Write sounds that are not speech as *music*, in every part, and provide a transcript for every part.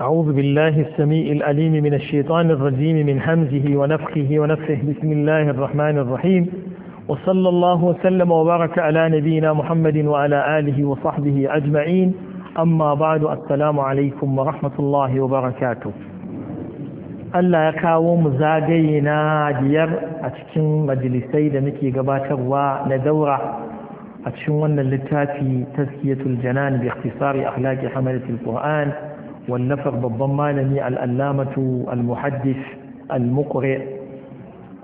أعوذ بالله السميع الأليم من الشيطان الرجيم من همزه ونفخه ونفخه بسم الله الرحمن الرحيم وصلى الله وسلم وبارك على نبينا محمد وعلى آله وصحبه أجمعين أما بعد السلام عليكم ورحمة الله وبركاته Allah ya kawo mu zagaye na biyar a cikin majalisai da muke gabatarwa na daura a cikin wannan littafi taskiyatul janan bi ikhtisari akhlaqi hamalatul qur'an wannafar والنفر بالضمانني الألامة المحدث المقرئ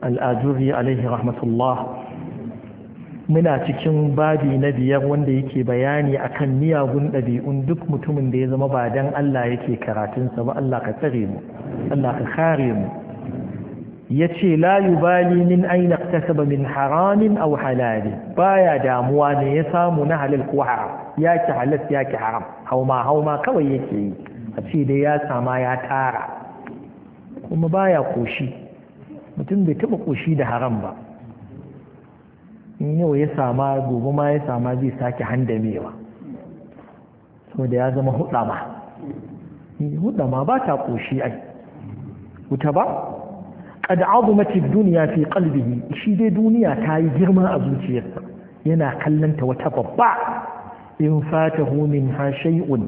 الآجري عليه رحمة rahmatullah muna cikin babi na biyar wanda yake bayani akan miyagun ɗabi'un duk mutumin da ya zama ba dan Allah yake karatunsa ba Allah Allah ka kare mu yace la yubali min aina iktasaba min haramin aw halal baya damuwa ne ya samu na halal ko haram yake halal yake haram hauma hauma kawai yake yi a ce dai ya sama ya tara kuma baya koshi mutum bai taba koshi da haram ba in yau ya sama gobe ma ya sama zai sake handamewa saboda ya zama hudama eh, hudama ba ta koshi ai wuta ba qad azumati duniya fi qalbihi shi dai duniya ta yi girma a zuciyarsa yana kallanta wata babba in fatahu ha shay'un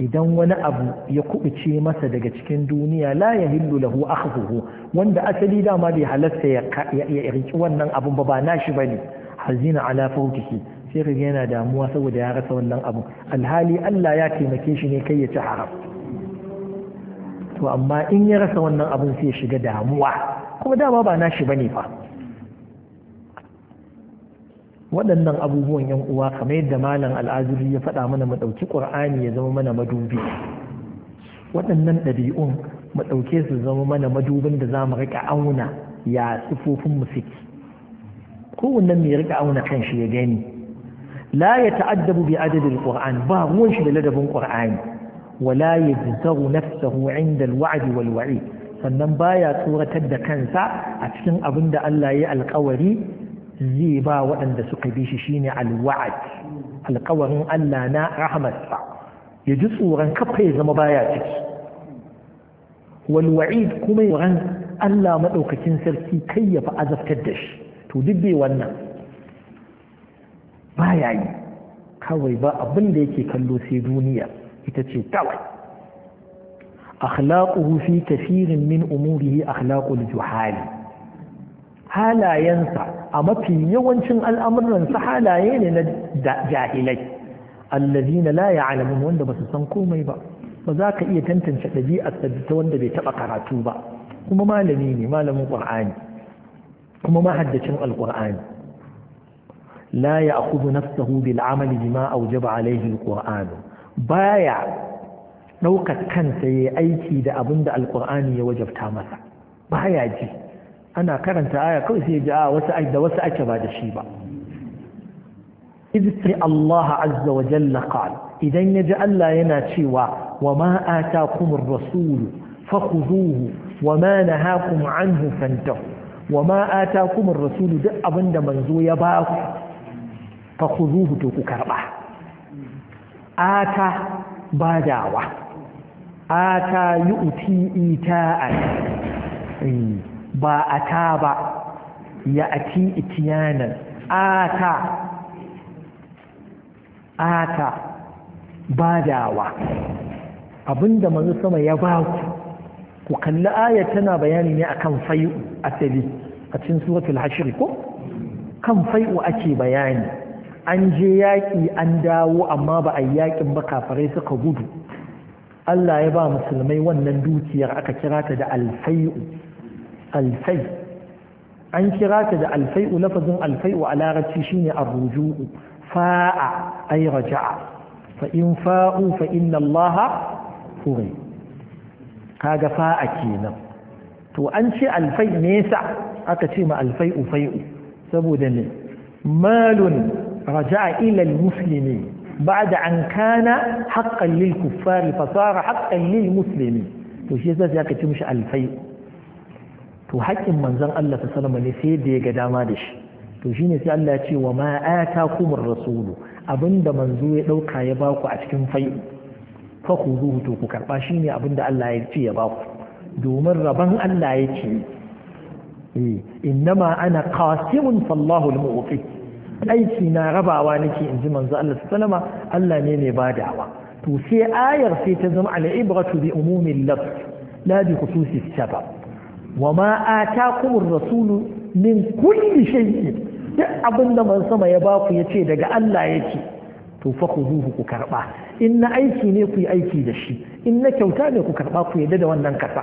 idan wani abu ya kubuce masa daga cikin duniya la ya hillu lahu akhdhuhu wanda asali dama bai halatta ya riki wannan abun ba ba nashi bane hazina ala fawtihi sai kaga yana damuwa saboda ya rasa wannan abu alhali Allah ya taimake shi ne kai ya ci haram to amma in ya rasa wannan abun sai ya shiga damuwa kuma dama ba nashi bane fa waɗannan abubuwan yan uwa kamar yadda malam al'azuri ya faɗa mana mu ɗauki ƙur'ani ya zama mana madubi waɗannan ɗabi'un mu ɗauke su zama mana madubin da za mu riƙa auna ya sifofin mu suke kowannen mai riƙa auna kan shi ya gani la ya ta'addabu bi adadin qur'an ba ruwan shi da ladabin qur'ani wala yajzaru nafsahu 'inda al-wa'd wal wa'id sannan baya tsoratar da kansa a cikin abin da Allah ya alkawari zai ba waɗanda suka bi shi shine alwa'ad alkawarin Allah na rahmatsa ya ji tsoron kafa ya zama baya ciki walwa'id kuma yaran Allah maɗaukakin sarki kai ya fi azabtar da shi to duk bai wannan baya yi kawai ba abin da yake kallo sai duniya ita ce kawai akhlaquhu fi kafirin min umurihi akhlaqul juhali halayensa a mafi yawancin al'amuran su halaye ne na jahilai allazina la ya'lamun wanda ba su san komai ba ba za ka iya tantance ɗabi'ar ta wanda bai taɓa karatu ba kuma malami ne malamin ƙur'ani kuma mahaddacin alƙur'ani la ya'khudhu nafsahu bil amali bima awjaba alayhi alqur'an baya ɗaukar kansa yayi aiki da abinda alƙur'ani ya wajabta masa baya ji ana karanta aya kawai sai ji a ah, wasu da wasu ake ba da shi ba izkri Allah azza wa jalla qal idan yaji Allah yana cewa wa ma atakumur rasul fakhuduhu wa ma nahakum anhu fantahu wa ma atakumur rasul duk abinda manzo ya ba ku fakhuduhu to ku karba ata badawa ata yu'ti ita'an eh. ba a ta ba ya ati itiyanan ata ata badawa abinda manzo sama ya ba ku ku kalli aya tana bayani ne akan fai'u a cikin suratul hashir ko kan fai'u ake bayani an je yaƙi an dawo amma ba a yaƙin ba kafarai suka gudu Allah ya ba musulmai wannan dukiyar aka kira ta da alfai'u الفيء عن كرا كذا الفيء لفظ الفيء على رتشين الرجوع فاء أي رجع فإن فاءوا فإن الله فري هذا فاء كينا تو أنشي الفيء ميسع أكتشيم الفيء فيء سبودني مال رجع إلى المسلمين بعد أن كان حقا للكفار فصار حقا للمسلمين وشيزا زيكتشيمش الفيء to haƙƙin manzan Allah ta salama ne sai da ya ga dama da shi to shine sai Allah ya ce wa ma atakumur rasulu abinda manzo ya dauka ya baku a cikin fai fa khuzuhu to ku karba shine abinda Allah ya ce ya baku domin raban Allah ya ce eh innama ana qasimun fallahu al-mu'ti aiki na rabawa nake inji manzo Allah ta salama Allah ne mai badawa to sai ayar sai ta zama al-ibratu bi umumil lafz la bi khususis sabab wa ma atakumur rasulu min kulli shay'in duk abin da man sama ya baku yace daga Allah yake to fa khuduhu ku karba in na aiki ne ku yi aiki da shi in na kyauta ne ku karba ku yadda da wannan kasa.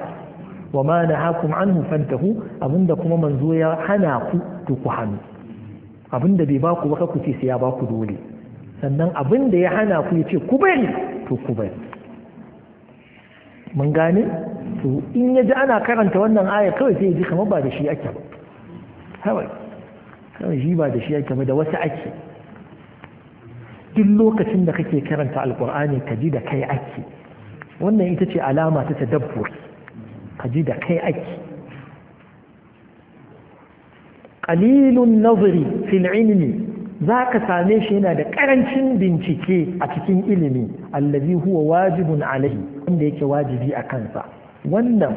wa ma nahakum anhu fantahu abinda kuma manzo ya hana ku to ku hannu abinda bai baku ba ku ce sai ya baku dole sannan abinda ya hana ku yace ku bari to ku bari mun gane to in ya ji ana karanta wannan aya kawai sai ya ji kama ba da shi ake ba kawai kawai shi ba da shi ake ba da wasu ake duk lokacin da kake karanta alkur'ani ka ji da kai ake wannan ita ce alama ta tadabbur ka ji da kai ake qalilun nazari fil ilmi za ka same shi yana da ƙarancin bincike a cikin ilimi allazi huwa wajibun alai wanda yake wajibi a kansa wannan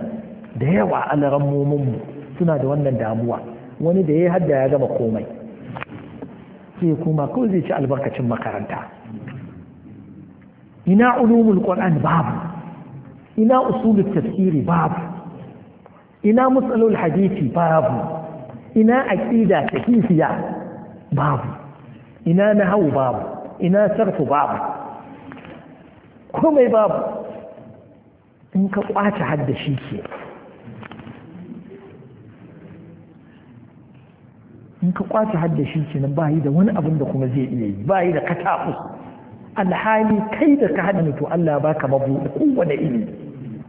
da yawa alarammominmu suna da wannan damuwa wani da ya hadda ya gama komai sai kuma kawai zai ci albarkacin makaranta ina ulumul qur'an babu ina usulul tafsiri babu ina matsalolin hadisi babu ina aqida tafiya babu ina nahawu babu ina sarfu babu komai babu in ka kwace hadda shi ke in ka kwace hadda shi ke nan bayi da wani abin da kuma zai iya yi bayi da kataɓu alhali kai da ka haɗa to Allah ka mabuɗi kowane ilimi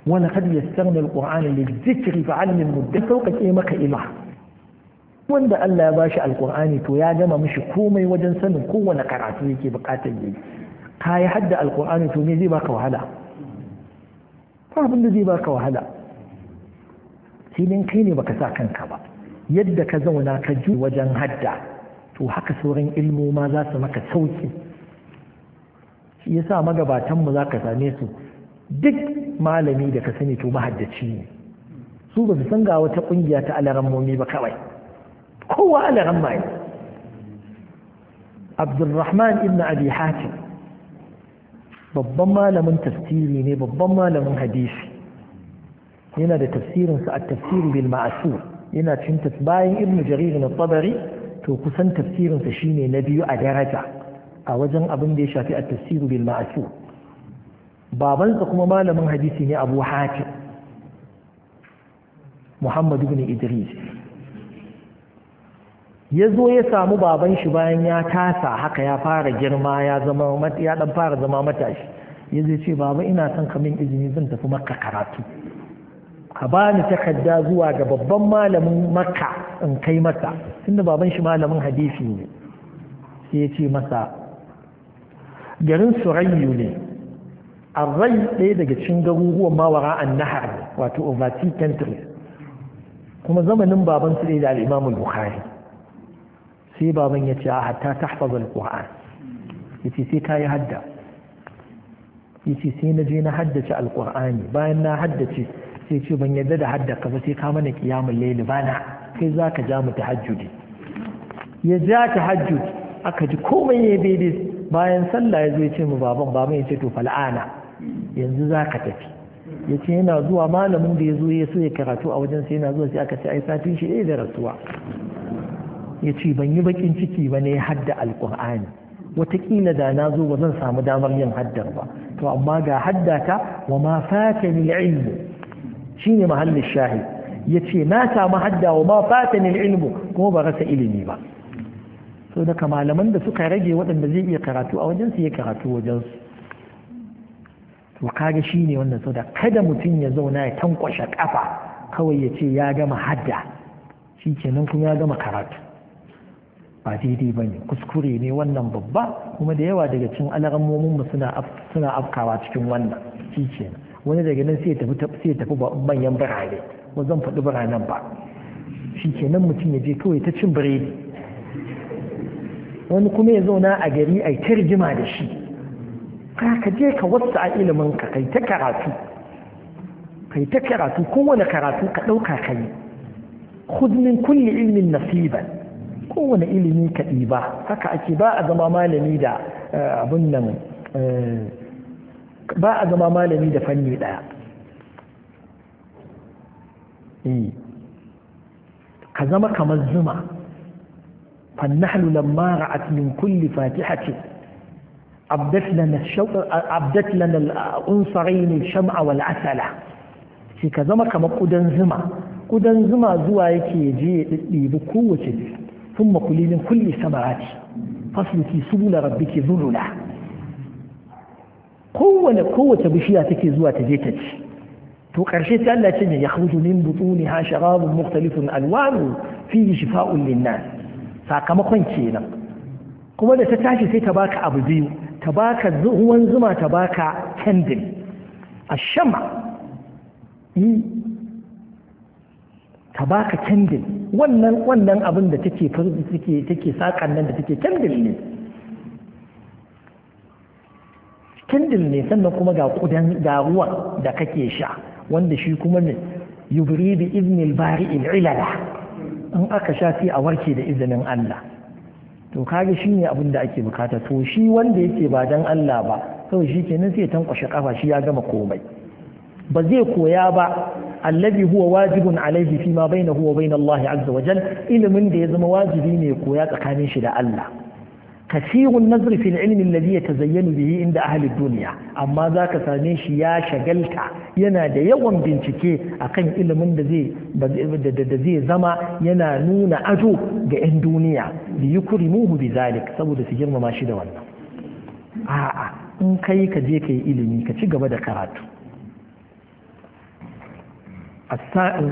wani kad yassarna alqur'ana lizikri fa almin mudda sauƙaƙe maka ima wanda Allah ya bashi alkur'ani to ya gama mishi komai wajen sanin kowane karatu yake buƙatar yi ka yi hadda alkur'ani to me zai baka wahala ba abin da zai baka wahala sai kai ne baka sa kanka ba yadda ka zauna ka ji wajen hadda to haka sauran ilmoma za su maka sauki shi magabatan magabatanmu za ka same su duk malami da ka sani to mahaddaci ne su ba su san ga wata kungiya ta alarammomi ba kawai kowa alaramma ne abdulrahman ibn abi hatim babban malamin tafsiri ne babban malamin hadisi yana da tafsirinsa a tafsiri bil ma'asur yana cin bayan ibn jarir na tabari to kusan tafsirinsa shine na biyu a daraja a wajen abin da ya shafi a tafsiru bil ma'asur babansa kuma malamin hadisi ne abu hatim muhammad ibn idris ya zo ya samu baban shi bayan ya tasa haka ya fara girma ya zama ya dan fara zama matashi ya zai ce baba ina son ka min izini zan tafi makka karatu ka bani takarda zuwa ga babban malamin makka in kai masa tunda baban shi malamin hadisi ne sai ya ce masa garin surayyu ne arrai ɗaya daga cikin garuruwan mawara an nahar wato overseas country kuma zamanin baban su da al-imamul sai baban ya ce a hatta ta haɓaza Alƙur'an ya sai ta yi hadda ya sai na je na haddace alƙur'ani bayan na haddace sai ce ban yadda da hadda ka ba sai ka mana kiyamun laili bana kai za ka ja mu tahajjudi ya ja tahajjud aka ji komai ya daidai bayan sallah ya zo ya ce mu baban baban ya ce to fal'ana yanzu za ka tafi ya ce yana zuwa malamin da ya zo ya so ya karatu a wajen sai yana zuwa sai aka ce ai satin shi ɗaya da rasuwa ya ce ban yi bakin ciki ba ne hadda alƙur'ani watakila da na zo ba zan samu damar yin haddar ba to amma ga haddata wa ma fatani ilmu shine mahallin shahid yace na samu hadda wa ma fatani ilmu kuma ba rasa ilimi ba so daga malaman da suka rage waɗanda zai iya karatu a wajen su ya karatu wajen su to kaga shine wannan so da kada mutum ya zauna ya tankwashe kafa kawai ya ce ya gama hadda shikenan kuma ya gama karatu ba daidai ba ne kuskure ne wannan babba kuma da yawa daga cin mu suna afkawa cikin wannan shi wani daga nan sai tafi manyan birane ba zan faɗi biranen ba shi ke nan mutum ya je kawai ta cin biredi wani kuma ya zauna a gari a ta rigima da shi ka je ka wasu a ilimin ka kai ta karatu kai ta karatu kowane karatu ka ɗauka ka yi kulle kulli ilmin nasiban kowane ilimi ka ɗiba haka ake ba a zama malami da eh, abin nan eh, ba a zama malami da fanni ɗaya eh, ka zama kamar zuma فالنحل لما رأت من kulli فاتحة أبدت لنا, al أبدت لنا الأنصرين الشمع والعسلة ka zama kamar kudan zuma ƙudan zuma zuwa yake je ya ɗiɗɗibi kowace ثم كلي من كل الثمرات فاسلكي سبل ربك ذللا kowane kowace bishiya take zuwa ta je ta ci to ƙarshe ta Allah ce ne ya khruju min butuniha sharabun mukhtalifun alwanu fihi shifa'un linnas sakamakon kenan kuma da ta tashi sai ta baka abu biyu ta baka ruwan zuma ta baka candle ashama ta baka candle wannan wannan abin da take take take sakan nan da take candle ne candle ne sannan kuma ga kudan ga ruwa da kake sha wanda shi kuma ne yubri bi iznil bari'il ilala in aka sha sai a warke da izinin Allah to kage shi ne abin da ake bukata to shi wanda yake ba dan Allah ba kawai shi kenan sai tankwashe kafa shi ya gama komai ba zai koya ba allazi huwa wajibun alaihi fi ma bainahu wa bain Allah azza wa jal ilimin da ya zama wajibi ne koya tsakanin shi da Allah kasirun nazri fil ilmi alladhi yatazayyanu bihi inda ahli duniya amma zaka same shi ya shagalta yana da yawan bincike akan ilimin da zai da zai zama yana nuna ado ga 'yan duniya li yukrimuhu bi zalik saboda su girmama shi da wannan a'a in kai ka je ka yi ilimi ka ci gaba da karatu as-sa'il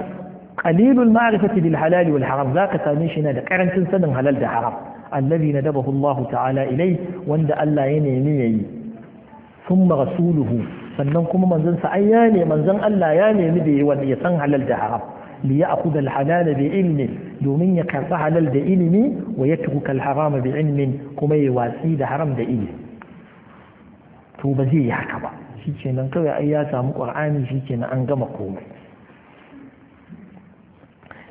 qalilul ma'rifati bil halal wal haram zaka same shi na da karancin sanin halal da haram allazi nadabahu Allah ta'ala ilai wanda Allah ya nemi yayi thumma rasuluhu sannan kuma manzon Allah ya nemi da wanda ya san halal da haram li ya'khud al halal bi ilmi domin ya karba halal da ilimi wa yatruka al haram bi ilmin kuma ya watsi da haram da ilimi to ba zai yi haka ba shikenan kawai ai ya samu qur'ani shikenan an gama komai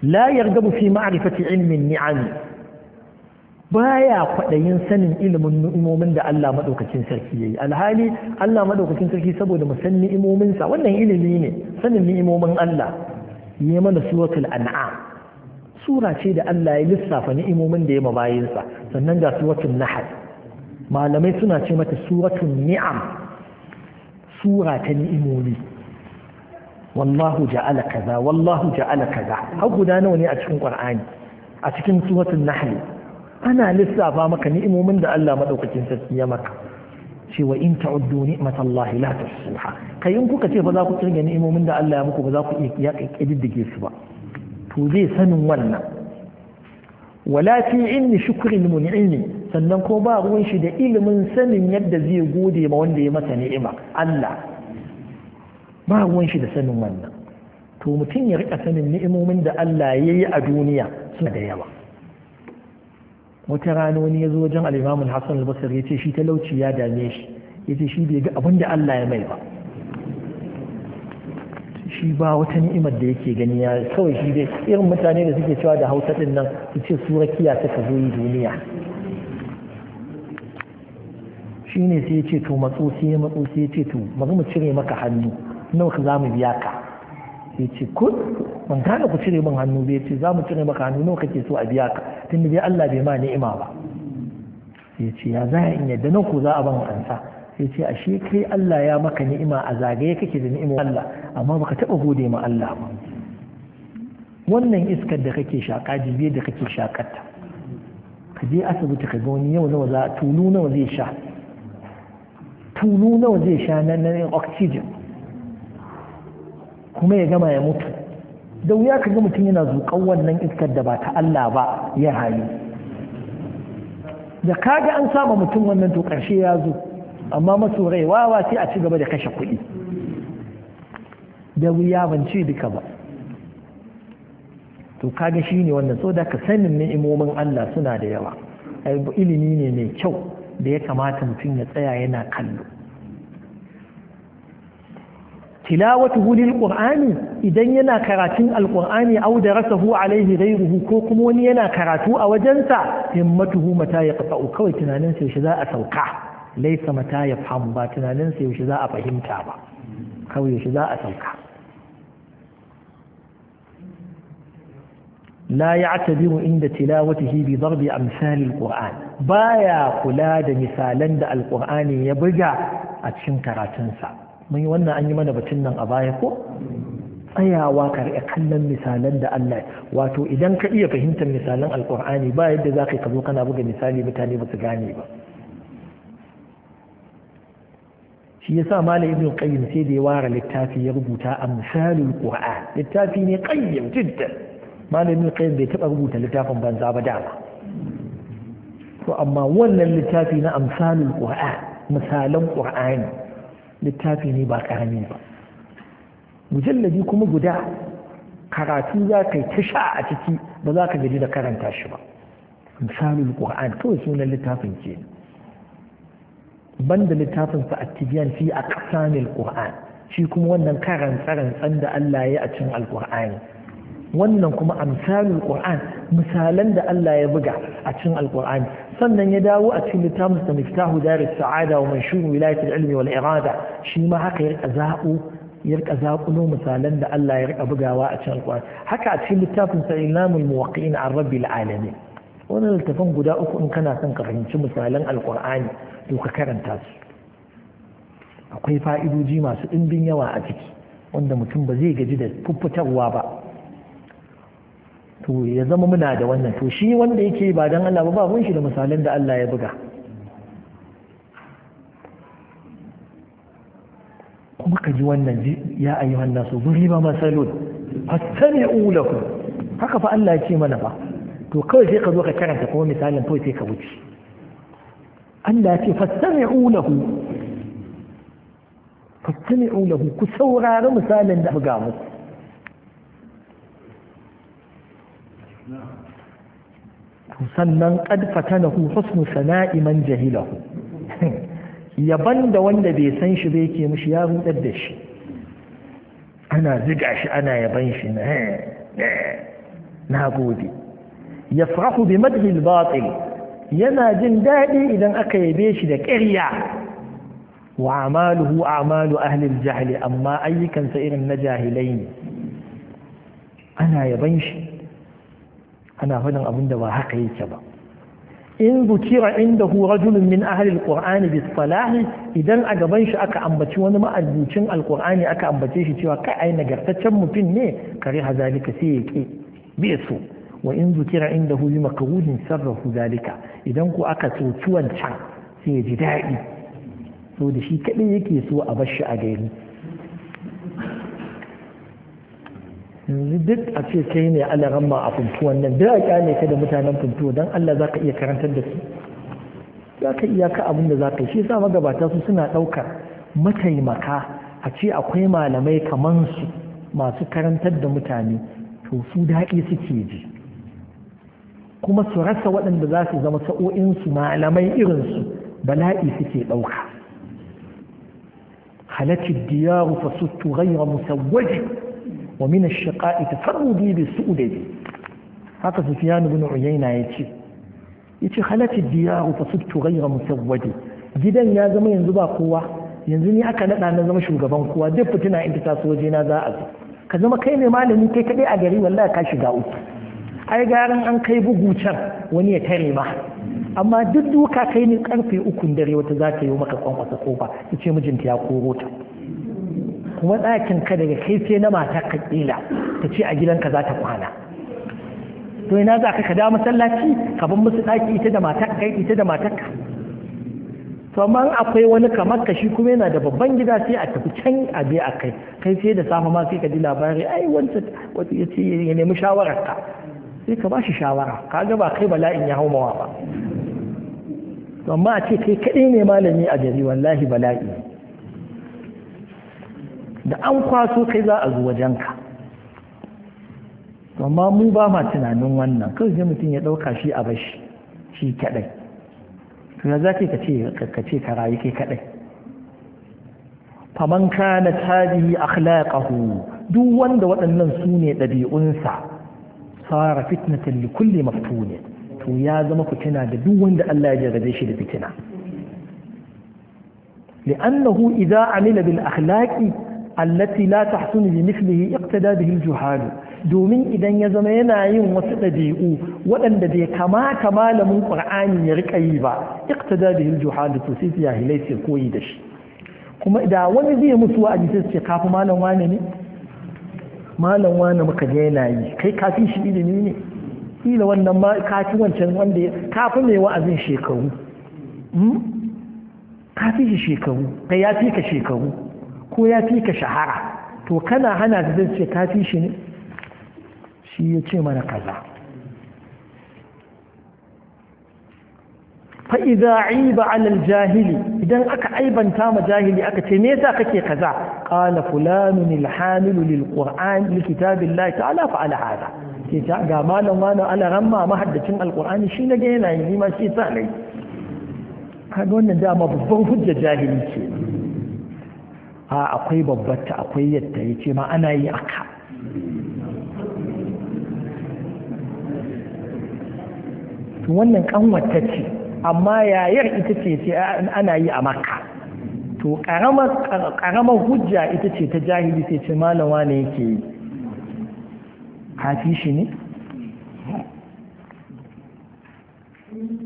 la yargabu fi ma'rifati ilmin ni'ami baya kwaɗayin sanin ilimin ni'imomin da Allah maɗaukacin sarki yayi alhali Allah maɗaukacin sarki saboda mu san ni'imominsa wannan ilimi ne sanin ni'imomin Allah yi mana suratul an'am sura ce da Allah ya lissafa ni'imomin da ya ma bayinsa, sannan ga suratun nahl malamai suna ce mata suratun ni'am sura ta ni'imomi wallahu ja'ala kaza wallahu ja'ala kaza har guda nawa ne a cikin qur'ani a cikin suratul nahl ana lissafa maka ni'imomin da Allah madaukakin sarki ya maka cewa in ta'uddu ni'matallahi la tuhsuha kai in kuka ce ba za ku kirga ni'imomin da Allah ya muku ba za ku iya kididdige su ba to zai sanin wannan wala fi inni shukril mun'imi sannan ko ba ruwan shi da ilimin sanin yadda zai gode ma wanda ya masa ni'ima Allah ba ruwan shi da sanin wannan to mutum ya rika sanin ni'imomin da Allah ya yi a duniya suna da yawa wata rana wani ya zo wajen al'imamun hassan al-basir ya ce shi talauci ya dame shi ya ce shi bai ga abin Allah ya mai ba shi ba wata ni'imar da yake gani ya kawai shi dai irin mutane da suke cewa da hausa din nan su ce su rakiya ta ka zo yi duniya shi ne sai ya ce to matso sai ya matso sai ya ce to mazu mu cire maka hannu nawa ka za mu biya ka ya ce kun ban gane ku cire min hannu bai ce za mu cire maka hannu nawa kake so a biya ka tun da bai Allah bai ma ni'ima ba Ya ce ya za in yadda nan ku za a ban ansa ya ce a kai Allah ya maka ni'ima a zagaye kake da ni'imar Allah amma baka taba gode ma Allah ba wannan iskar da kake shaka jibiyar da kake shakarta ka je asibiti ka ga wani yau nawa za tulu nawa zai sha tulu nawa zai sha na oxygen kuma ya gama ya mutu da wuya ka ga mutum yana zuƙan wannan iskar da ba ta Allah ba ya hayu da kaga an saba mutum wannan to ƙarshe ya zo amma masu rai wawa sai a ci gaba da kashe kuɗi da wuya ban ce duka ba to kaga shi ne wannan so da ka sanin ni'imomin Allah suna da yawa ilimi ne mai kyau da ya kamata mutum ya tsaya yana kallo tilawatuhu lil qur'ani idan yana karatun alqur'ani aw darasahu alaihi ghayruhu ko kuma wani yana karatu a wajensa himmatuhu mata ya yaqta'u kawai tunanin sa yaushe za a sauka laysa mata ya yafham ba tunanin sa yaushe za a fahimta ba kawai yaushe za a sauka لا يعتبر عند تلاوته بضرب أمثال القرآن بايا قلاد مثالا دا القرآن يبقى أتشن كراتنسا mun yi wannan an yi mana batun nan a baya ko tsayawa ka riƙa kallon misalan da Allah wato idan ka iya fahimtar misalan alƙur'ani ba yadda za ka zo kana buga misali mutane ba su gane ba shi yasa malam ibn qayyim sai da ya ware littafi ya rubuta amsalul qur'an littafi ne qayyim jiddan malam ibn qayyim bai taba rubuta littafin banza ba dama to amma wannan littafi na amsalul qur'an misalan qur'ani littafi ne ba karami ba mujalladi kuma guda karatu za ka yi ta sha a ciki ba za ka gaji da karanta shi ba misalin qur'an kawai sunan littafin ke banda littafin sa attibiyan fi aqsamil qur'an shi kuma wannan karanta da Allah ya yi a cikin alqur'ani wannan kuma amsalul qur'an misalan da Allah ya buga a cikin alqur'ani sannan ya dawo a cikin littafin da miftahu daris sa'ada wa manshur wilayat al-ilmi wal irada shi ma haka ya zaqu ya rika misalan da Allah ya rika bugawa a cikin alqur'ani haka a cikin littafin sa ilamul muwaqqi'in an rabbil alamin wannan littafin guda uku in kana son ka fahimci misalan alqur'ani to ka karanta su akwai fa'idoji masu ɗimbin yawa a ciki wanda mutum ba zai gaji da fuffutarwa ba to ya zama muna da wannan to shi wanda yake ba don Allah ba babun shi da misalan da Allah ya buga kuma ka ji wannan ya ayyuhan nasu duriba masalun fastami'u lahu haka fa Allah ya ce mana ba to kawai sai ka zo ka karanta kuma misalin kawai sai ka wuce Allah ya ce fastami'u lahu fastami'u lahu ku saurari misalin da buga muku sannan qad fatanahu husnu sana'i man jahilahu *laughs* yaban da wanda bai san shi ba ke mushi ya rudar da shi ana ziga shi ana yaban shi na na gode yafrahu bi madhi al-batil yana jin daɗi idan aka yabe shi da ƙirya wa amaluhu amalu ahli al-jahli amma ayyukansa irin na jahilai ne ana yaban shi ana faɗin abin da ba haka yake ba in bukira inda hu rajulun min ahli qur'ani bi salahi idan a gaban shi aka ambaci wani ma'azucin alqur'ani aka ambace shi cewa kai ai nagartaccen mutum ne kare hazalika sai ya ke su wa in zukira inda hu bi makrudin sarrafu zalika idan ko aka so wancan sai ya ji daɗi so da shi kaɗai yake so a bar shi a gari yanzu duk a ce kai ne Allah ramma a funtuwan nan da a kyale ka da mutanen funtuwa don Allah za ka iya karantar da su za ka iya ka abin da za ka yi shi sa magabata su suna ɗaukar mataimaka a ce akwai malamai kaman su masu karantar da mutane to su daɗi suke ji kuma su rasa waɗanda za su zama sa'o'insu malamai irinsu bala'i suke ɗauka halacci diyaru fasuttu ghayra musawwaji wa min ash-shaqa'i tafarrudi bi su'udi haka sufyan ibn uyayna yace yace halati diyaru fa sibtu ghayra musawwadi gidan ya zama yanzu ba kowa yanzu ni aka nada na zama shugaban kowa duk fitina inda ta taso waje na za a zo ka zama kai ne malami kai kadai a gari wallahi ka shiga uku ai garan an kai bugu can wani ya tare ba amma duk duka kai ne karfe ukun dare wata za ta yi maka kwankwasa kofa ta ce mijinta ya koro ta kuma ɗakin ka daga kai sai na mata ka ta ce a gidanka za ta kwana to ina za ka da masallaci ka bar musu ɗaki ita da mata kai ita da mata ka to amma akwai wani kamar ka shi kuma yana da babban gida sai a tafi can a bi a kai kai sai da safe ma sai ka ji labari ai wancan wata ya ce ya nemi shawarar ka sai ka ba shi shawara ka ga ba kai bala'in ya hau mawa ba to amma a ce kai kaɗai ne malami a gari wallahi bala'i da an kwaso kai za a zo wajenka amma mu ba ma tunanin wannan kawai sai mutum ya ɗauka shi a bashi shi kaɗai tuna za ka ce ka rayu kai kaɗai faman kana tabihi akhlaqahu duk wanda waɗannan su ne ɗabi'unsa sara fitnatan li kulli maftune to ya zama fitina da duk wanda Allah ya jarrabe shi da fitina li'annahu idza amila bil akhlaqi التي لا تحسن bi اقتدى به الجهال دومين domin idan ya zama yana yin wasu dabi'u waɗanda bai kamata malamin qur'ani ya rika yi ba iqtada bihi al to sai jahilai sai koyi da shi kuma da wani zai musu wa'azi sai ce malam wane ne malam wane muka ga yana yi kai kafin shi ilimi ne kila wannan ma kafi wancan wanda kafi mai wa'azin shekaru kafi shi shekaru kai ya fi ka shekaru ko ya fi ka shahara to kana hana da zai ce ka fi shi ne shi ya ce mana kaza fa'iza aiba alal jahili idan aka aibanta ma jahili aka ce me yasa kake kaza qala fulanun alhamilu lilqur'an likitabillahi ta'ala fa'ala hada ke ta ga malam wani ala ramma mahaddacin alqur'ani shi na ga yana yi ma shi sa ne ga wannan dama babban hujja jahili ce a akwai babbata, akwai yadda ya ma ana yi aka wannan kanwata ce amma yayar ita ce ce ana yi a maka. to karamar hujja ita ce ta jahili sai ce malawa ne yake yi kafi shi ne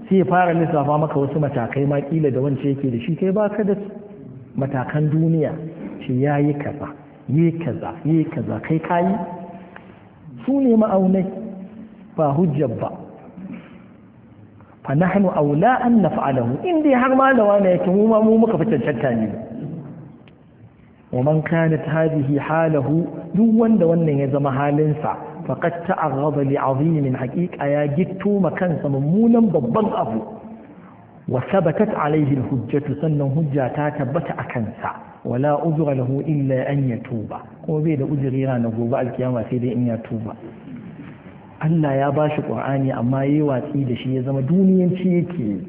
sai fara lissafa maka wasu matakai makila da wance yake da shi kai baka da matakan duniya ce ya yi kaza yi kaza yi kaza kai kayi su ne ma'aunai ba hujjar ba fa nahnu aula an naf'alahu in dai har ma da wani yake mu ma mu muka fi cancanta ne wa man kanat hadhihi halahu duk wanda wannan ya zama halinsa faqad ta'arrada li 'azimin haqiqa ya gitto kansa mummunan babban abu wa sabatat alaihi hujjatu sannan hujja ta tabbata akan sa wala uzura lahu illa an ya tuba kuma bai da uzuri na gobe alkiyama sai dai in ya tuba Allah ya ba shi ƙur'ani amma ya yi watsi da shi ya zama duniyanci yake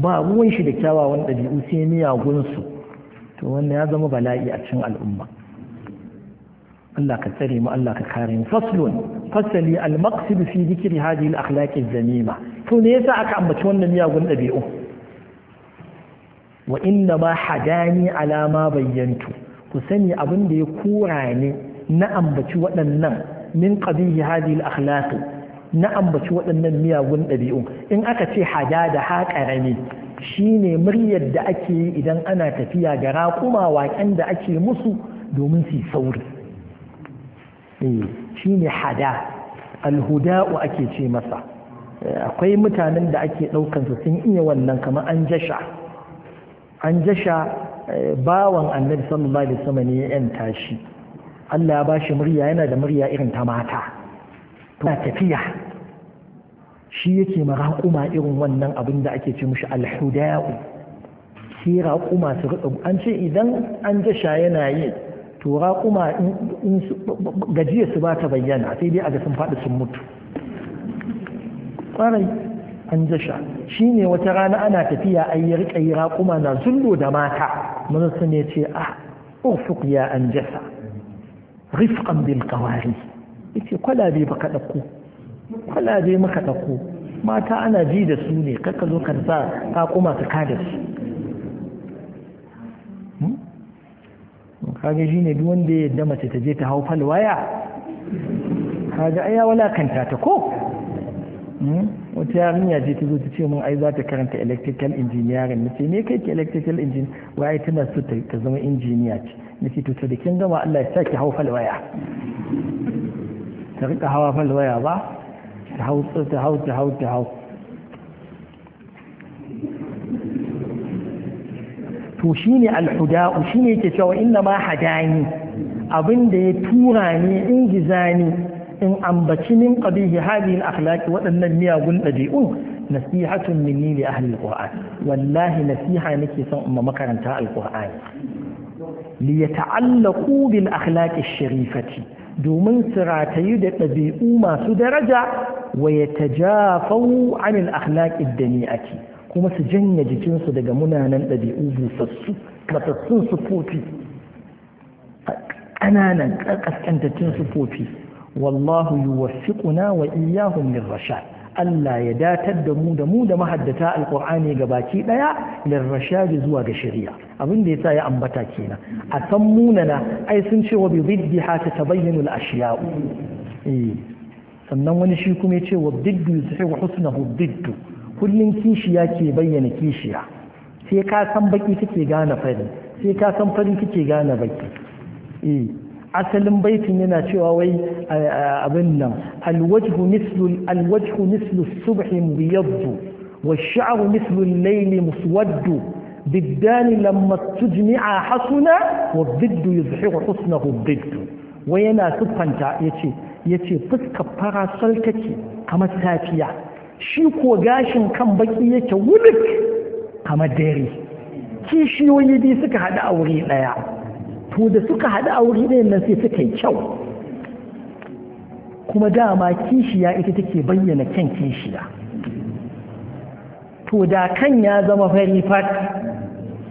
ba ruwan shi da kyawawan ɗabi'u sai su, to wannan ya zama bala'i a cikin al'umma Allah ka tsare mu Allah ka kare mu faslun fasali al-maqsid fi dhikri hadhihi al-akhlaq az-zamima to ne yasa aka ambaci wannan miyagun ɗabi'u wa inna ma hadani ala ma bayyantu ku sani abin da ya kura ne na ambaci waɗannan min qabihi hadhihi al-akhlaq na ambaci waɗannan miyagun ɗabi'u in aka ce hada da haƙara ne shine muryar da ake yi idan ana tafiya ga raƙuma waƙen da ake musu domin su sauri eh, shine hada alhuda'u ake ce masa eh, akwai mutanen da ake ɗaukansu sun iya wannan kamar an jasha an jasha eh, bawan annabi sallallahu alaihi wasallam ne ya yanta shi Allah ya bashi murya yana da murya irin ta mata to tafiya shi yake ma maraƙuma irin wannan abin da ake ce mushi alhuda'u shi raƙuma su an ce idan an jasha yana yi to raƙuma in gajiya su ba ta bayyana sai dai a ga sun faɗi sun mutu ƙwarai an jasha shi ne wata rana ana tafiya a yi riƙa yi raƙuma na zullo da mata manasa ne ce a ah, urfuk ya an jasa rifƙan bil kawari yace kwalabe ba ka ɗauko kwalabe maka ɗauko mata ana ji da su ne kaka zo kan sa raƙuma su kada su hmm? kage shi ne duk wanda ya yadda mace ta je ta hau falwaya kaga aya wala walakanta ta ko hmm? wata yarinya ce ta zo ta ce mun ai za ta karanta electrical engineering nace ne kai ki electrical engine wai tana so ta zama engineer ce nace to da kin gama Allah ya sa ki hau falwaya ta rika hawa falwaya ba ta hau ta hau ta hau ta hau to shine alhuda'u shine yake cewa inna ma hadani abin da ya tura ni ingiza ni in ambaci min qabihi hadhihi al-akhlaq waɗannan miyagun ɗabi'un nasihatun minni li ahli al-qur'an wallahi nasiha nake son umma makaranta al-qur'ani li yata'allaqu bil akhlaq ash-sharifati domin su ratayu da ɗabi'u masu daraja wa yatajafau an al-akhlaq daniati kuma su janye jikinsu daga munanan ɗabi'u busassu kasassun sufofi ƙananan ƙasƙantattun sufofi wallahu yuwaffiquna wa iyyahum lirrashad Allah ya datar da mu da mu da mahaddata alqur'ani gabaki daya lirrashad zuwa ga shari'a abin da yasa ya ambata kenan a san munana ai sun ce wa bi ziddiha tatabayyanu al-ashya'u eh sannan wani shi kuma ya ce wa diddu yusahihu husnahu diddu kullun kishiya ke bayyana kishiya sai ka san baki kake gane fari sai ka san farin kake gane baki eh asalin baitin yana cewa wai abin nan alwajhu mislu alwajhu mislu subhi wa sha'ru mislu al-layli biddan lamma tujmi'a hasuna wa biddu yuzhiru husnahu biddu wai yana sufanta yace yace fuska fara saltake kamar shi kuwa gashin kan baƙi yake wuluk kamar dare kishiyoyi biyu suka hada a wuri daya to da suka haɗu a wuri ɗayan nan sai suka yi kyau kuma dama kishiya ita take bayyana kyan kishiya to da kan ya zama fari fat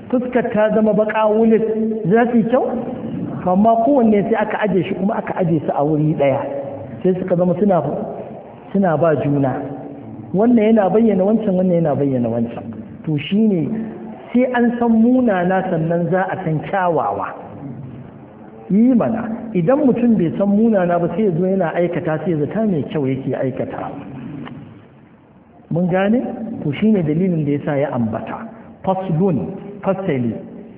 fuskar ta zama baka wulit za su yi kyau amma kowanne sai aka aje shi kuma aka aje su a wuri ɗaya sai suka zama suna suna ba juna wannan yana bayyana wancan wannan yana bayyana wancan to shine sai an san munana sannan za a san kyawawa yi mana idan mutum bai san Muna na ba sai ya yana aikata sai zata mai kyau yake aikata mun gane ku shi ne dalilin da ya sa ya ambata faslun fasali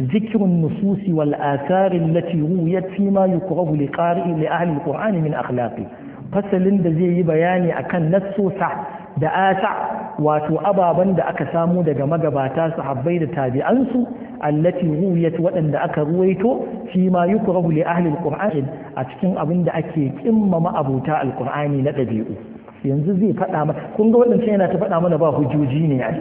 zikirun nususi wal asarin lati ruwiyar fima yi kurahu li ƙari li ahalin ƙorani min akhlaqi fasalin da zai yi bayani akan nassosa da asa wato ababen da aka samu daga magabata sahabbai da tabi'ansu allati ruwiyat waɗanda aka ruwaito shi ma yukrahu li ahli alqur'an a cikin abin da ake ma abuta alqur'ani na dabi'u yanzu zai faɗa mana kun ga yana ta faɗa mana ba hujjoji ne a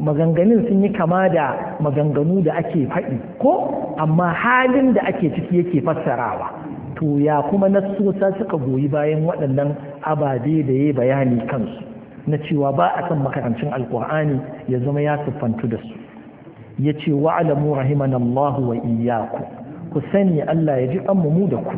maganganun sun yi kama da maganganu da ake faɗi ko amma halin da ake ciki yake fassarawa to ya kuma nassosa suka goyi bayan waɗannan ababe da ya bayani kansu na cewa ba a san makarancin alkur'ani ya zama ya siffantu da su ya ce wa'alamu rahiman Allah wa iyaku ku sani Allah ya ji kanmu mu da ku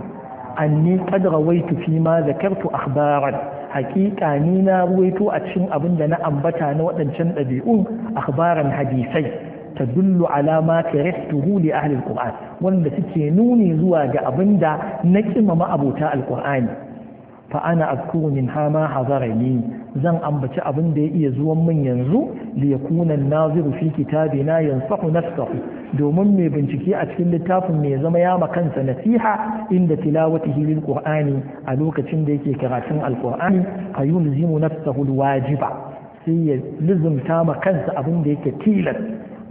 anni kadra waitu fi ma zakartu akhbaran haqiqa ni na ruwaito a cikin abin da na ambata na waɗancan ɗabi'un akhbaran hadisai tadullu ala ma karihtuhu li ahli alquran wanda suke nuni zuwa ga abin da na kimama abota alqur'ani fa ana azkuru min hama zan ambaci abin da ya iya zuwan min yanzu da ya kuna naziru fi kitabi na yansahu nafsahu domin mai bincike a cikin littafin mai zama ya kansa nasiha inda tilawati hilin qur'ani a lokacin da yake karatun alqur'ani ayun zimu nafsahu wajiba sai ya lizumta ma kansa abin da yake tilas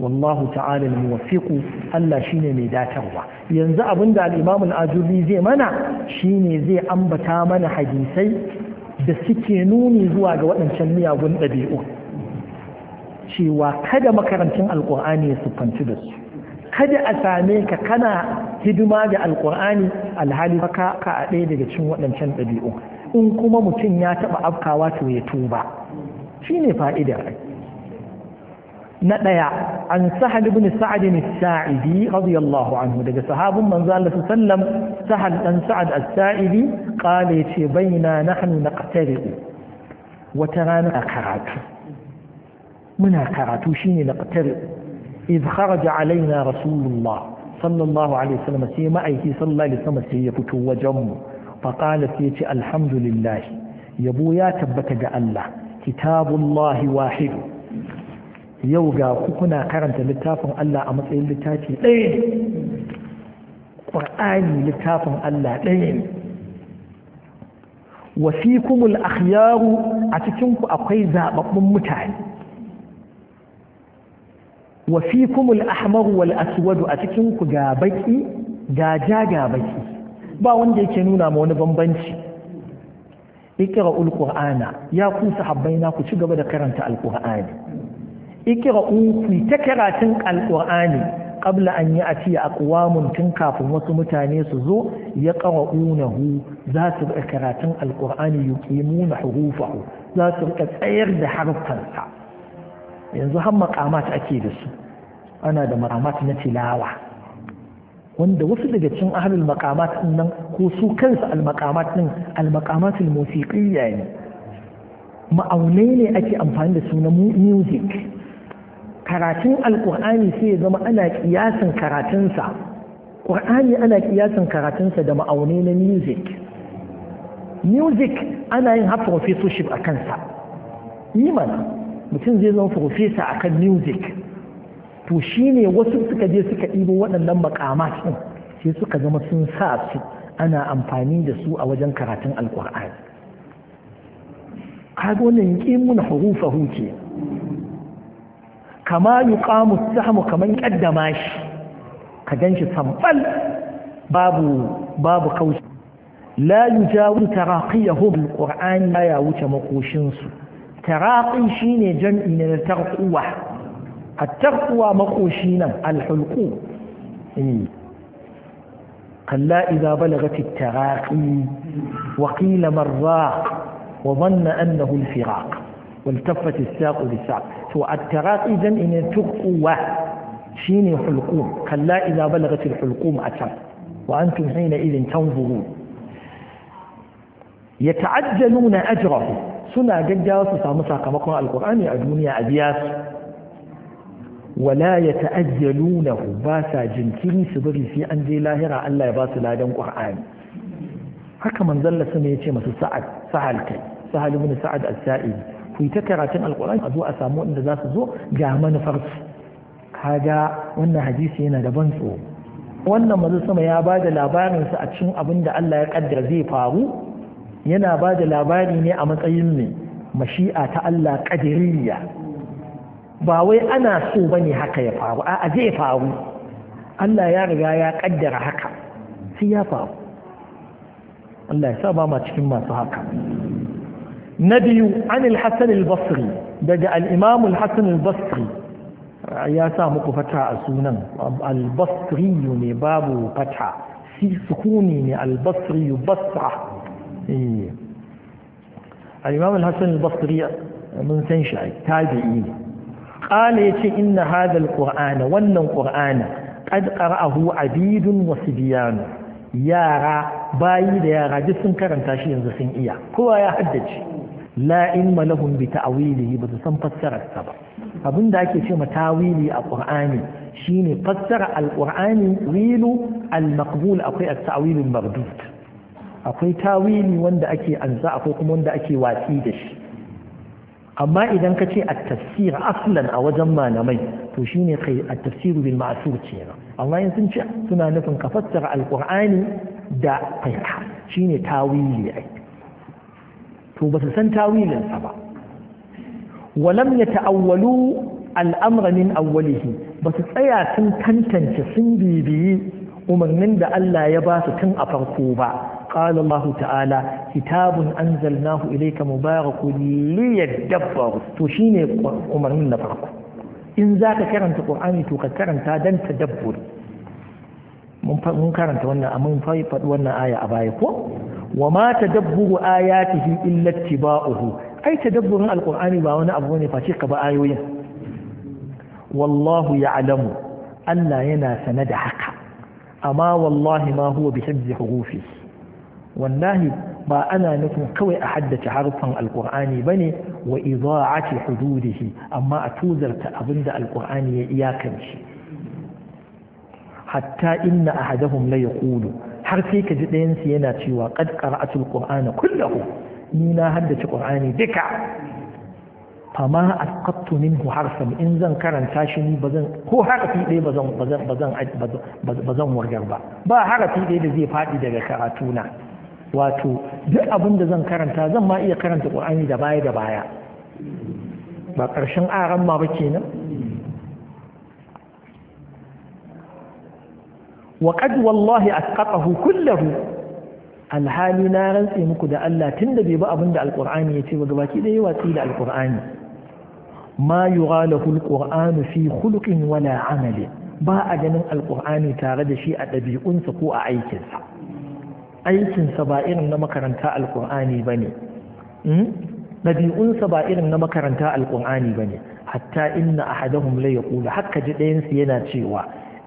wallahu ta'ala al-muwaffiqu Allah shine mai datarwa yanzu abin da al-Imam al zai mana shine zai ambata mana hadisai da suke nuni zuwa ga waɗancan miyagun ɗabi'u cewa kada makarantun alƙur'ani ya siffanci da su kada a same ka kana hidima da alƙur'ani alhali ka a ɗaya daga cikin waɗancan ɗabi'u in kuma mutum ya taɓa afkawa to ya tuba shi ne fa'idar ai na ɗaya an sahal ibn sa'ad ibn sa'idi radiyallahu anhu daga sahabun manzo Allah sallam sahal dan sa'ad as-sa'idi qala yace baina nahnu naqtari wa tarana karatu muna karatu shine naqtari idh kharaja alaina rasulullah sallallahu alaihi wasallam sai ma'aiki sallallahu alaihi wasallam sai ya fito wajen mu fa qala yace alhamdulillah yabo ya tabbata ga Allah kitabullahi wahidu yau ga kuna karanta littafin Allah a matsayin littafi ɗaya ne ƙwar'ani littafin Allah ɗaya ne wasikumul akhyaru a cikinku akwai zaɓaɓɓun mutane wasikumul ahmaru wal aswadu a cikinku ga baƙi ga ja ga baki ba wanda yake nuna ma wani bambanci Ikira qur'ana ya ku sahabbaina ku ci gaba da karanta alqur'ani ikira ku ta karatun alqur'ani qabla an yi a ce tun kafin wasu mutane su zo ya hu, za su ga karatun alqur'ani yuqimuna hurufahu za su ga tsayar da harfansa yanzu har maqamat ake da su ana da maqamat na tilawa wanda wasu daga cikin ahlul maqamat nan ko su kansu al maqamat din al musiqiyya ne ma'aunai ne ake amfani da su na music karatun alƙur'ani sai ya zama ana ƙiyasin karatunsa ƙur'ani ana ƙiyasin karatunsa da ma'auni na music music ana yin har professorship a kansa iman mutum zai zama professor a kan music to shine wasu suka je suka ɗibo waɗannan makamat ɗin sai suka zama sun sa su ana amfani da su a wajen karatun alƙur'ani kaga wannan yaqimun hurufahu ke كما يقام السهم كما يقدماش كجنش سنبل باب بابو كوش لا يجاوز تراقيه بالقرآن لا يوجه مقوشين تراقي شين جن من الترقوة الترقوة مقوشين الحلقو إيه. قال لا إذا بلغت التراقي وقيل من راق وظن أنه الفراق والتفت الساق بالساق to a taraqi jam'i ne tuqwa shine hulqum kalla idza balagat al-hulqum atam wa antum hina idin tanzurun yata'ajjaluna ajrahu suna gaggawa su samu sakamakon alkur'ani a duniya a biya su wala yata'ajjalunahu ba sa jinkiri su bari sai an je lahira Allah ya ba su ladan qur'ani haka manzon Allah ya ce masu sa'ad sahal kai sahal ibn sa'ad as-sa'idi ku ta karatun alkur'ani a zo a samu wanda za su zo ga manufarsu su kaga wannan hadisi yana da ban tsoro wannan manzo sama ya ba da labarin a cikin abin da Allah ya kaddara zai faru yana ba da labari ne a matsayin ne mashi'a ta Allah qadariyya ba wai ana so bane haka ya faru a zai faru Allah ya riga ya kaddara haka sai ya faru Allah ya sa ba ma cikin masu haka نبي عن الحسن البصري دجا الإمام الحسن البصري يا سامك فتحة أسونا البصري باب فتحة في سكوني البصري بصرة إيه. الإمام الحسن البصري من سنشأ تابعي قال يتي إن هذا القرآن ون القرآن قد قرأه عبيد وصبيان يارا باي da yara duk sun karanta shi yanzu sun iya kowa ya haddace la ilma lahum bi ta'wilihi ba su san fassarar sa ba abin da ake ce ma tawili a qur'ani shine fassara al wilu al-maqbul akwai at-ta'wil al-mardud akwai tawili wanda ake ansa akwai kuma wanda ake watsi da shi amma idan ka ce at-tafsir aslan a wajen malamai to shine kai at-tafsir bil ma'sur ce amma sun ce suna nufin ka fassara al-qur'ani da fiqh shine tawili ai to ba su san tawilinsa ba walam ya ta'awwalu al'amra min awwalihi ba su tsaya sun tantance sun bibiyi umarnin da Allah ya ba su tun a farko ba قال الله تعالى كتاب أنزلناه إليك مبارك ليدبر تشيني أمر من نفرق إن ذاك كرنت قرآني توقع كرنت دن تدبر من كرنت وانا أمين فايفت وانا آية أبايكو wa ma tadabburu ayatihi ba uhu ai tadabburin alqur'ani ba wani abu ne face ka ba ayoyin wallahu ya'lamu Allah yana sane da haka amma wallahi ma huwa bi hibzi hurufi wallahi ba ana nufin kawai a haddace harfan ba bane wa idaa'ati hududihi amma a tuzarta abinda alkur'ani ya iyakance hatta inna ahadahum la yaqulu har sai ka ji ɗayansu yana cewa qad qara'atul qur'ana kullahu ni na haddace qur'ani duka fama asqattu minhu harfan in zan karanta shi ni bazan ko harafi ɗaya bazan bazan bazan bazan wargar ba ba harafi ɗaya da zai faɗi daga karatuna wato duk abin da zan karanta zan ma iya karanta ƙur'ani da baya da baya ba ƙarshen aran ma ba kenan wa qad wallahi asqatahu kullahu alhali na rantse muku da Allah tun da bai ba abin da ya ce ba gabaki da yawa da alqur'ani ma yughalahu fi khuluqin wala amali ba a ganin alqur'ani tare da shi a dabi'unsa ko a aikinsa aikinsa ba irin na makaranta alqur'ani bane ɗabi'unsa ba irin na makaranta alƙur'ani ba ne hatta inna ahadahum la yaqulu hakka ji ɗayansu yana cewa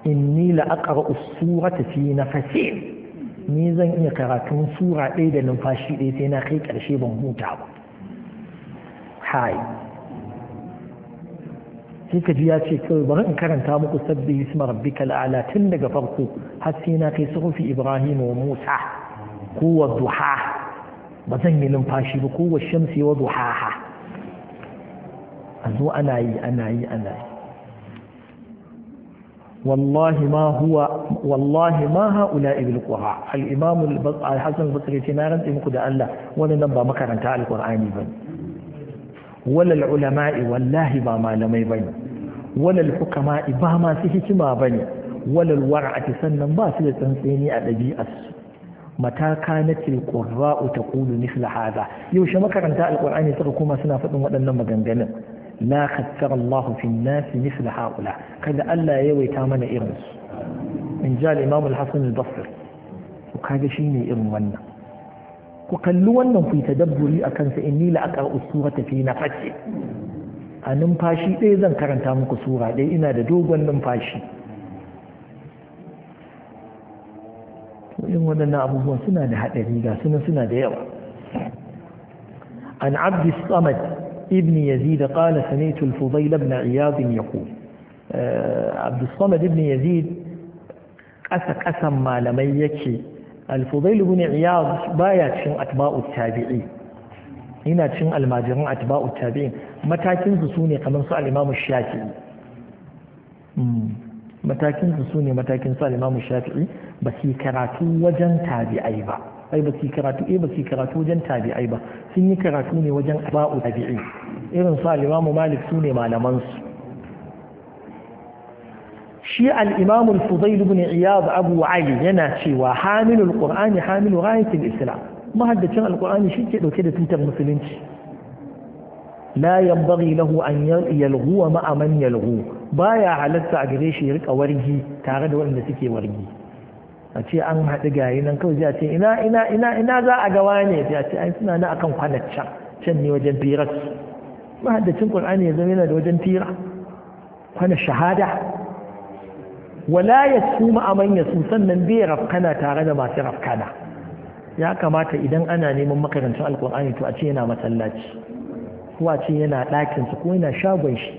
inni la aqra'u surata fi nafasin ni zan iya karatun sura ɗaya da numfashi ɗaya sai na kai ƙarshe ban huta ba hai sai ka ji ya ce kawai bari in karanta muku sabbi isma rabbika al'ala tun daga farko har sai na kai suhufi ibrahim wa musa ko wa duha ba zan yi numfashi ba ko wa shamsi wa duhaha a zo ana yi ana yi ana yi والله ما هو والله ما هؤلاء بالقراء الإمام الحسن البصري تنارا إمكد الله ولا نبى مكان تعالى القرآن بني ولا العلماء والله ما ما لم بني ولا الحكماء ما ما سهت ما بني ولا الورعة سنن با سلسنسيني أدبي أسو متى كانت القراء تقول مثل هذا يوش مكان تعالى القرآن سنة فقوما سنة فقوما لنما جنجنم la khassara Allah fi an-nas mithla kada Allah ya yawaita mana irin su in al-Imam al-Hasan al-Basri to kaga shine irin wannan ku kalli wannan ku tadabburi akan sa inni la aqra'u surata fi nafsi a numfashi ɗaya zan karanta muku sura ɗaya ina da dogon numfashi waɗannan abubuwan suna da haɗari ga sunan suna da yawa an ابن يزيد قال سمعت الفضيل بن عياض يقول عبد الصمد بن يزيد أسك أسم ما لم يكي الفضيل بن عياض بايا تشن أتباع التابعين هنا تشن الماجرين أتباع التابعين متى كنت سوني كمن سأل الإمام الشافعي متى كنت سوني متى كنت سأل الإمام الشافعي بس يكراتي وجن تابعي بقى ai ba su karatu eh ba su karatu wajen tabi'ai ba sun yi karatu ne wajen ba'u tabi'i irin su al-imamu malik su ne malaman su shi al-imamu al-fudail ibn iyad abu ali yana cewa hamilul qur'ani hamilu ghayatil islam mahaddacin al-qur'ani shi ke dauke da tutar musulunci لا ينبغي له أن يلغو مع من يلغو بايا على rika wargi tare تعرض وإن suke wargi. a ce an haɗu gayi nan kawai zai ce ina ina ina ina za a gawa ne ya ce ai suna na akan kwanan can can ne wajen firar mahaddacin qur'ani ya zama yana da wajen tira kwanan shahada wala ya su ma'aman ya su sannan bai rafkana tare da masu rafkana ya kamata idan ana neman makarantar alkur'ani to a ce yana masallaci ko a ce yana ɗakinsa ko yana shagon shi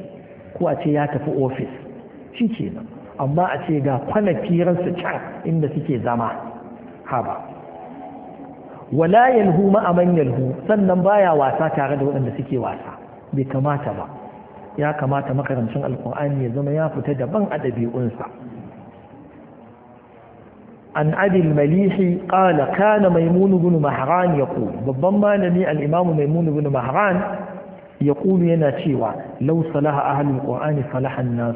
ko a ce ya tafi ofis shi nan. amma a ce ga kwanakiransu can inda suke zama haba wala yalhu ma ma'aman yalhu sannan baya wasa tare da waɗanda suke wasa bai kamata ba ya kamata makarancin alkur'ani ya zama ya fita daban a ɗabi'unsa عن أبي المليح قال كان ميمون بن مهران يقول ببما لني الإمام ميمون بن مهران يقول ينا شيوا لو صلح أهل القرآن صلح الناس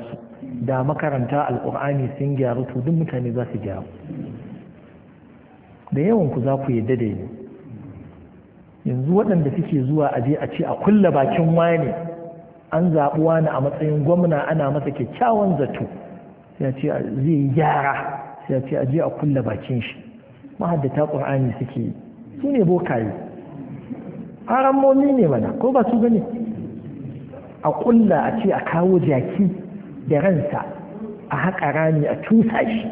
da makaranta alkur'ani sun gyaru to duk mutane za su gyaru da yawan ku za ku yadda da ni yanzu waɗanda suke zuwa a je a ce a kulla bakin wani an zaɓi wani a matsayin gwamna ana masa kyakkyawan zato sai ce zai yi gyara sai ce a je a kulla bakin shi mahaddata ƙur'ani suke yi su ne bokaye harammomi ne mana ko ba su gani a kulla a ce a kawo jaki da ransa a haƙa rami a tusa shi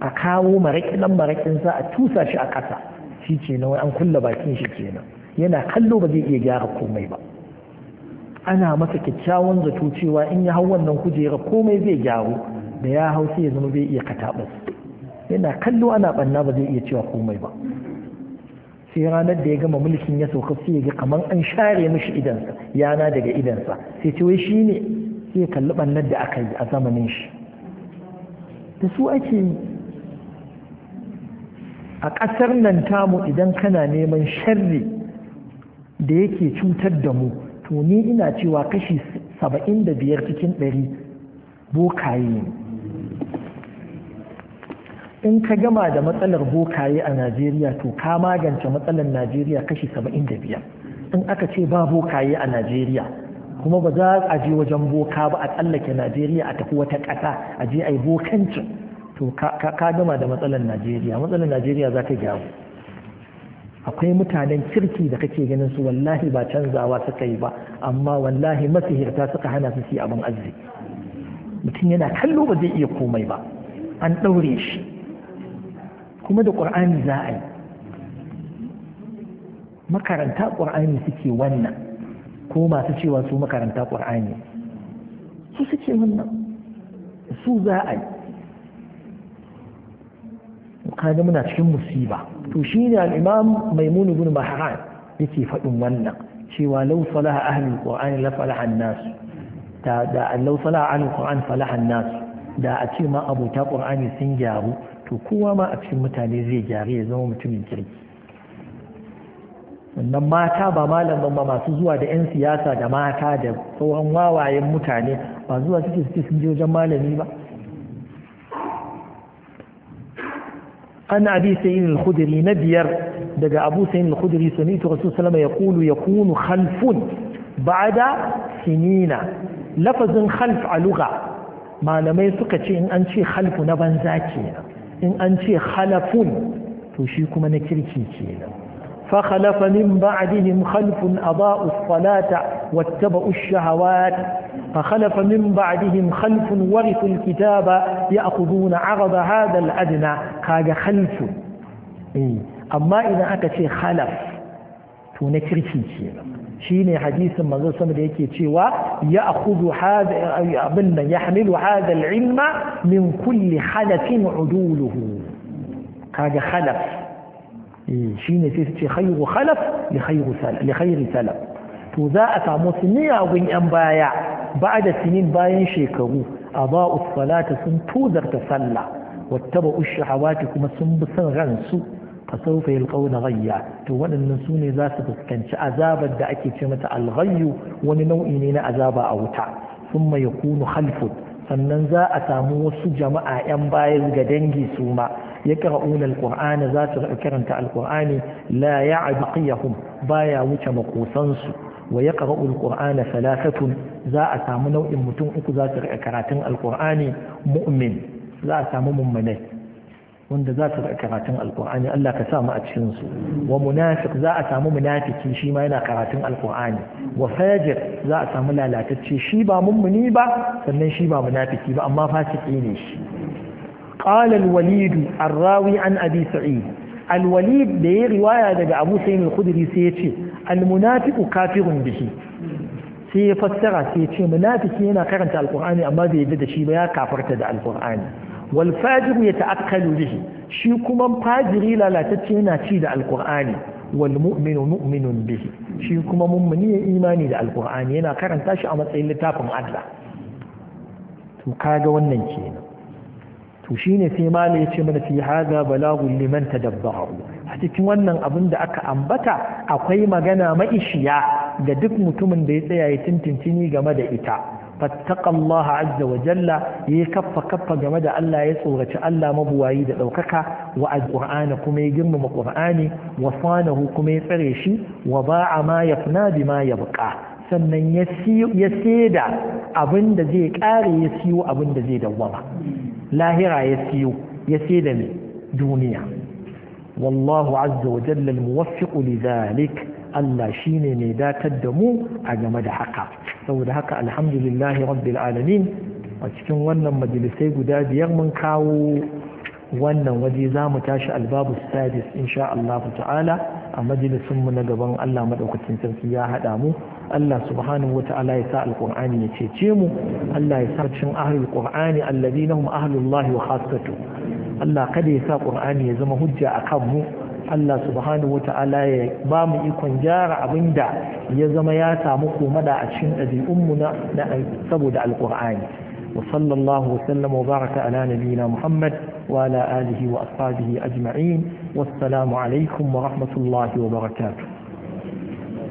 a kawo maraƙinan maraƙinsa a tusa shi a ƙasa shi ke nan an kulla bakin shi kenan yana kallo ba zai iya gyara komai ba ana masa kyakkyawan zato cewa in ya hau wannan kujera komai zai gyaru da ya hau sai ya zama zai iya kataɓas yana kallo ana ɓanna ba zai iya cewa komai ba sai ranar da ya gama mulkin ya sauka sai ya ga kamar an share mishi idansa yana daga idansa sai ce wai shi ne sai kalli ɓannar da aka yi a zamanin shi da su ake a ƙasar nan tamu idan kana neman sharri da yake cutar da mu to ni ina cewa kashi saba'in da biyar cikin ɗari bokaye ne in ka gama da matsalar bokaye a najeriya to ka magance matsalar najeriya kashi saba'in da biyar in aka ce ba bokaye a najeriya kuma ba za a je wajen boka ba a tsallake najeriya a tafi wata ƙasa a je a yi bokancin to ka gama da matsalar najeriya matsalar najeriya za ta gyaru akwai mutanen kirki da kake ganin su wallahi ba canzawa suka yi ba amma wallahi masihirta suka hana su su abin arziki mutum yana kallo ba zai iya komai ba an ɗaure shi kuma da ƙur'ani za a yi makaranta ƙur'ani suke wannan ko masu cewa su makaranta ƙur'ani su suke wannan su za a yi kaga muna cikin musiba to shi ne al'imam maimun ibn bahran yake faɗin wannan cewa law salaha ahlul qur'ani la falaha nasu da da salaha ahlul da a ce ma abota ƙur'ani sun gyaru to kowa ma a cikin mutane zai gyaru ya zama mutumin kirki Wannan mata ba malaman ba masu zuwa da 'yan siyasa da mata da sauran wawayen mutane ba zuwa suke suke sun je wajen malami ba an abi sayin al-khudri na biyar daga abu sayin al-khudri ya ya sallama yaqulu yakunu khalfun da, sinina lafazin khalf a luga malamai suka ce in an ce khalfu na banza kenan in an ce khalafun to shi kuma na kirki kenan فخلف من بعدهم خلف أضاءوا الصلاة واتبعوا الشهوات فخلف من بعدهم خلف ورثوا الكتاب يأخذون عرض هذا الأدنى كاج خلف إيه. أما إذا أكت خلف تنكرتي كينا شيني حديث ما زال سمد يكي يأخذ هذا أبنا يحمل هذا العلم من كل حلف عدوله كاج خلف shi ne sai su ce khairu khalaf li khairu salaf to za a samu su miyagun yan baya ba da sinin bayan shekaru a ba salata sun tozarta sallah wattaba ushi hawati kuma sun bi son ransu fa saufa yalqawna ghayya to waɗannan su ne za su fuskanci azabar da ake ce mata alghayyu wani nau'i ne na azaba a wuta thumma yakunu khalfun sannan za a samu wasu jama'a yan baya ga dangi su ma yaqra'una alqur'ana za su karanta alqur'ani la ya'baqiyahum baya wuce makosansu wa yaqra'u alqur'ana thalathatun za a samu nau'in mutum uku za su karatun alqur'ani mu'min za a samu mummunai wanda za su karatun alkur'ani Allah ka samu a cikin su wa munafiq za a samu munafiki shima yana karatun alkur'ani wa fajir za a samu lalatacce shi ba mummuni ba sannan shi ba munafiki ba amma fasike ne shi قال الوليد الراوي عن أبي سعيد الوليد ده رواية ده أبو سعيد الخدري سيتي المنافق كافر به sai ya fassara sai ce munafiki yana karanta alkur'ani amma bai yadda da shi ba ya kafarta da alkur'ani wal fajir ya ta'akkalu bihi shi kuma fajiri lalatacce yana ci da alkur'ani wal mu'minu mu'minun bihi shi kuma mummuni ya imani da alkur'ani yana karanta shi a matsayin littafin Allah to kaga wannan kenan to shine sai mala ya ce mana fi haza balagun liman tadabbaru a cikin wannan abin da aka ambata akwai magana maishiya ga duk mutumin da ya tsaya ya tintintini game da ita fattaqallah azza wa jalla ya kaffa kaffa game da Allah ya tsoraci Allah mabuwayi da ɗaukaka wa alqur'ana kuma ya girmama ƙur'ani, wa sanahu kuma ya tsare shi wa ba'a ma ma bima buƙa. sannan ya seda abin da zai kare ya siyo abin da zai dawwama lahira ya siyo ya sai da mai duniya wallahu azza wa jalla al-muwaffiq li Allah shine mai datar da mu a game da haka saboda haka alhamdulillah rabbil alamin a cikin wannan majalisai guda biyar mun kawo wannan waje za mu tashi albabu sadis insha Allah ta'ala a majalisinmu na gaban Allah madaukakin sarki ya haɗa mu Allah subhanahu wa ta'ala ya sa alƙur'ani ya cece mu Allah ya sa cin ahlul qur'ani alladhina nahum ahlullahi wa khassatu Allah kada ya sa qur'ani ya zama hujja akan mu Allah subhanahu ta'ala ya ba mu ikon gyara abin da ya zama ya samu komada a cikin ɗabi'unmu na saboda alƙur'ani wa sallallahu wasallam wa baraka ala nabiyina muhammad wa ala alihi wa ashabihi ajma'in wassalamu alaikum wa rahmatullahi wa barakatuh